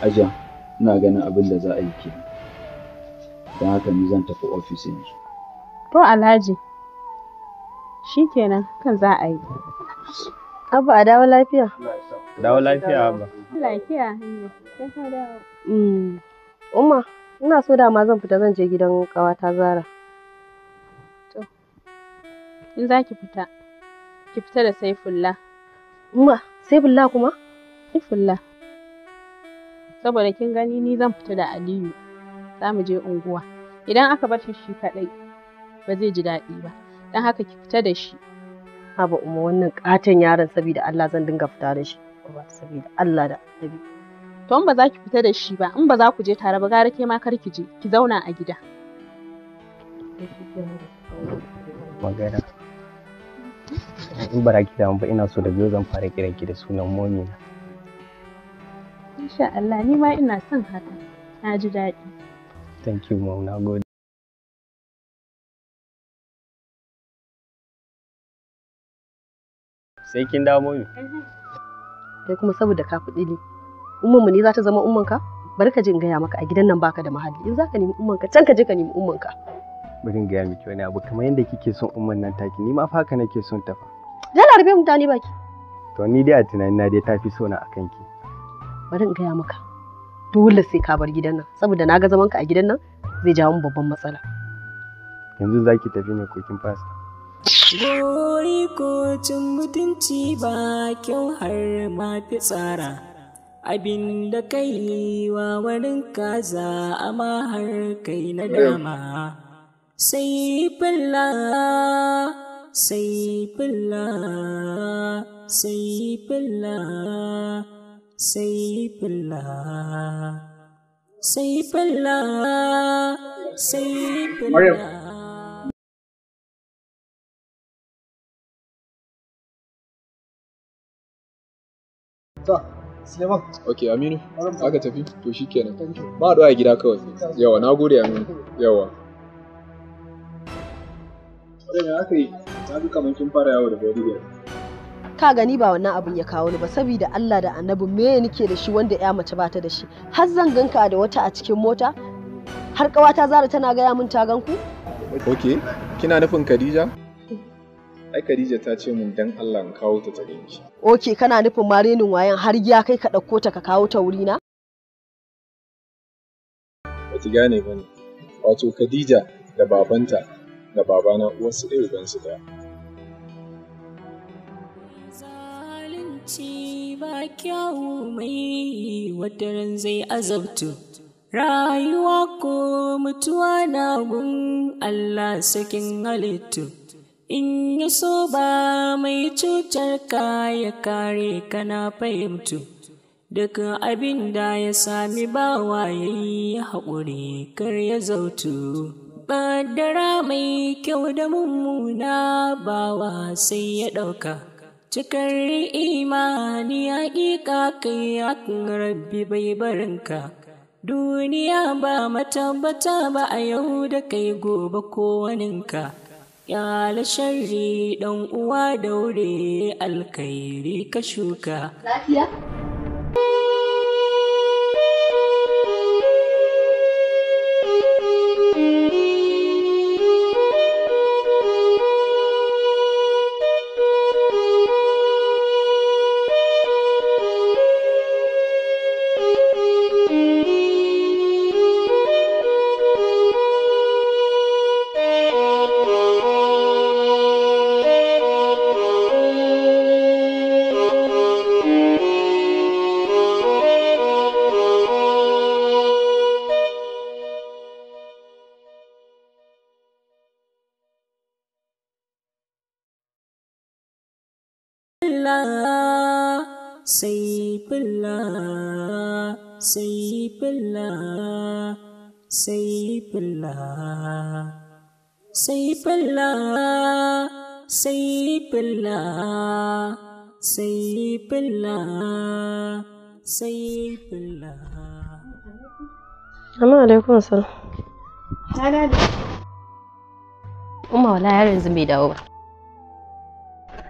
Hajiya, ina ganin abin da za a yi kenan. Don haka ni zan tafi ofis yanzu. To Alhaji, shi kenan kan za a yi. Abba a dawo lafiya. Dawo lafiya Abba. Lafiya mm. Umma, ina so dama zan fita zan je gidan ta Zara. To, in za ki fita, ki fita da Saifullah. Umma, Saifullah kuma? Saifullah. saboda kin gani ni zan fita da Aliyu za mu je unguwa idan aka bar shi shi kaɗai ba zai ji daɗi ba dan haka ki fita da shi haba umma wannan katon yaron saboda Allah zan dinga fita da shi saboda Allah da annabi to in ba za ki fita da shi ba in ba za ku je tare ba gara ke ma kar ki je ki zauna a gida magana in bara ki ba ina so da biyo zan fara kiran ki da sunan momina Insha Allah ni ma ina son haka. Na ji daɗi. Thank you mom, na gode. Sai kin damo ni. Kai kuma saboda ka kuɗi ne. mu ne za ta zama ummanka? Bari ka je in gaya maka a gidan nan baka da mahalli. In za ka nemi ummanka can ka je ka nemi ummanka. Bari in gaya miki wani abu kamar yadda kike son umman nan taki ni ma fa haka nake son ta fa. Jala rabe mutane baki. To ni dai a tunanina dai ta fi so na akan ki. bari in gaya maka dole sai ka bar gidan nan saboda na ga zaman ka a gidan nan zai jawo mu babban matsala yanzu za tafi ne ko kin fasa gori ko cin mutunci ba kyau har ma fi tsara abin da kai wa warin kaza amma har kai na dama sai fulla sai fulla sai fulla Saifullah Saifullah Saifullah Ta, Suleiman. Ok, Aminu, aka tafi, to shi kenan. Ba a gida kawai. Yawa, na gode Aminu. Yawa. Wadda aka yi, ta duka mankin fara yawo da Bolivia. ka gani ba wannan abin ya kawo ni ba saboda Allah da annabi me nake da shi wanda ya mace bata da shi har zan ganka da wata a cikin mota har kawata zara tana gaya min ta ganku ok kina nufin Khadija ai Khadija ta ce mun dan Allah in kawo ta tare ni ok kana nufin marenin wayan har giya kai ka dauko ta ka kawo ta wuri na ba ta gane bane wato Khadija da babanta da babana uwarsu ɗaya ubansu ɗaya Ci ba kyawu mai wata ran zai azabtu, rayuwa ko mutuwa na gun Allah sakin halittu. In ya so ba mai cutar ka ya kare kana fahimtu, duk abin da ya sami bawa ya yi haƙuri kar ya zautu. Badara mai kyau da mummuna bawa sai ya ɗauka. cikar imani ƙiƙa kai hakan rabbi bai barinka duniya ba matabbata ba a yau da kai gobe kowaninka yala shari ɗan uwa daure alkairi ka shuka lafiya sai fulla sai fulla sai fulla sai fulla sai fulla sai fulla sai fulla Amma alaikum salam. Na dade. Umma wala yaron yanzu bai dawo ba.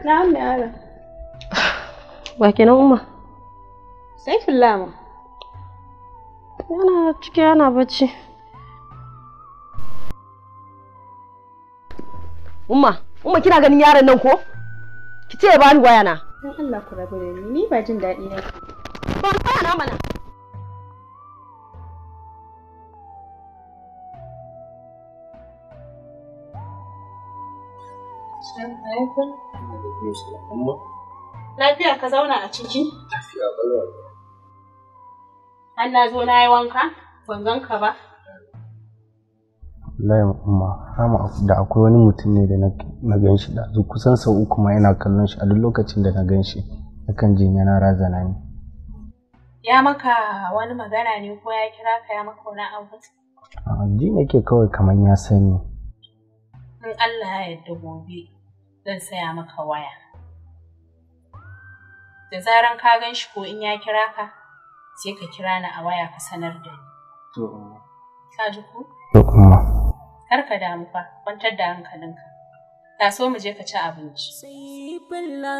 Na amma yaron. Ba kenan umma? Sai fillama. Yana ciki yana bacci. Umma, umma kina ganin yaron nan ko? Ki ce ba ni waya na. Dan Allah ku rabu da ni, ni ba jin daɗi ne. Ba waya na mana. Assalamu alaikum. Lafiya ka zauna a ciki? Lafiya An na zo na yi wanka, ban gan ka ba. Layin umma, hama da akwai wani mutum ne da na gan shi da kusan sau uku ma yana kallon shi a duk lokacin da na gan shi, kan jin yana razana ni. Ya maka wani magana ne ko ya kira ka ya maka wani abu? Ji ke kawai kamar ya sani. In Allah ya yarda gobe zan saya maka waya. da zaran ka gan shi ko in ya kira ka sai ka kira ni a waya ka sanar da ni. To. Eh. Ka ji ko? To kuma. Kar ka damu fa, kwantar da hankalinka. Ta so mu je ka ci abinci. Sai billa,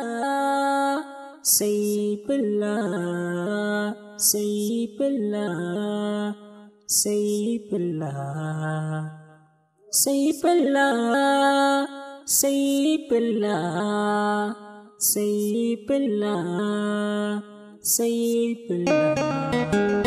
sai billa, sai billa, sai billa, sai billa, sai billa. Sayi fulla sai fulla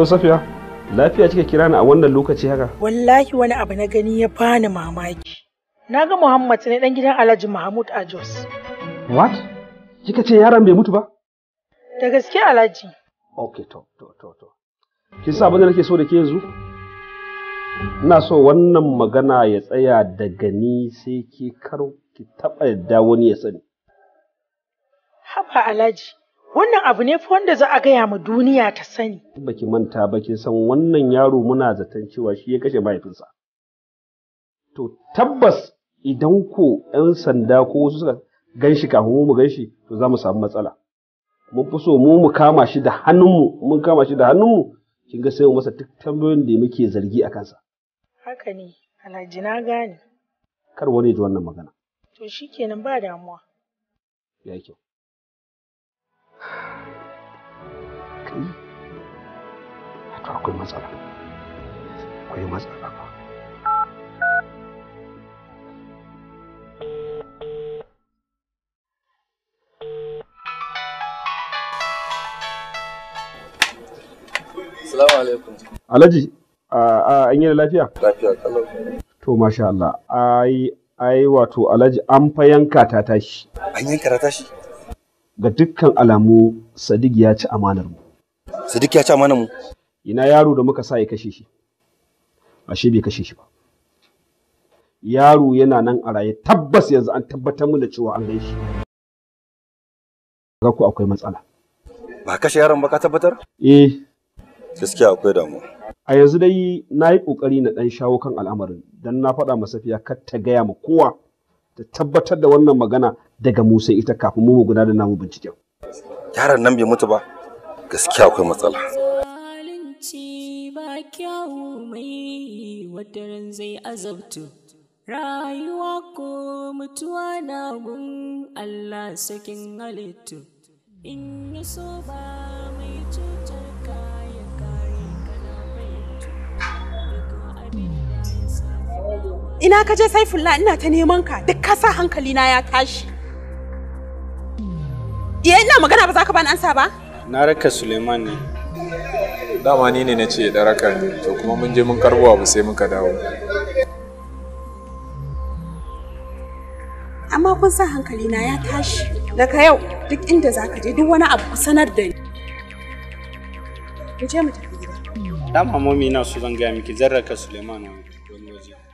Hello Safiya, lafiya kika kira ni a wannan lokaci haka? Wallahi wani abu na gani ya bani mamaki. Na ga Muhammad ne dan gidan Alhaji Mahmud a Jos. What? Kika ce yaron bai mutu ba? Da gaske Alhaji. Okay to to to to. Kin sa abin da nake so da ke yanzu? Ina so wannan magana ya tsaya daga ni sai ki karo ki taɓa yadda wani ya sani. Haba Alhaji, Wannan abu ne fa wanda za a gaya ma duniya ta sani. Baki manta ba ki san wannan yaro muna zaton cewa shi ya kashe mahaifinsa. To tabbas idan ko 'yan sanda ko wasu suka gan shi kafin mu gan shi to za mu samu matsala. Mun fi so mu mu kama shi da hannunmu mun kama shi da hannunmu kin ga sai mu masa duk tambayoyin da muke zargi a kansa. Haka ne Alhaji na gane. Kar wani ji wannan magana. To shikenan ba damuwa. Ya kyau. kai to akwai matsala akwai Alhaji, an yi da lafiya? Lafiya kalau. To masha Allah, ai ai wato Alhaji an fayanka ta tashi. An yanka ta tashi? ga dukkan alamu Sadiq ya ci amanar mu. Sadiq ya ci amanar mu? Ina yaro da muka sa ya kashe shi. Ashe bai kashe shi ba. Yaro yana nan a raye tabbas yanzu an tabbatar mu da cewa an gaishe. Ga ku akwai matsala. Ba kashe yaron ba ka tabbatar? Eh. Gaskiya akwai damuwa. A yanzu dai na yi ƙoƙari na ɗan shawo kan al'amarin don na faɗa masa fiya kar ta gaya ma kowa ta tabbatar da wannan magana daga Musa ita kafin mu guda da namu binciken. Yaron nan bai mutu ba. Gaskiya akwai matsala. kyawu mai ran zai azabtu rayuwa ko mutuwa na gun Allah sakin halittu in yi so ba mai cutar kayan kare kana ina ka je ina ta neman ka duk kasa hankali na ya tashi Ya eh, ina magana ba za ka bani ansa ba? Na raka Suleiman ne. Dama ni ne na ce da raka ne, to kuma mun je mun karbo abu sai muka dawo. Amma kun san hankali na ya tashi. Daga yau duk inda za ka je duk wani abu sanar da ni. Ku je mu tafi gida. Dama mami na so zan gaya miki zarraka Suleiman wani waje.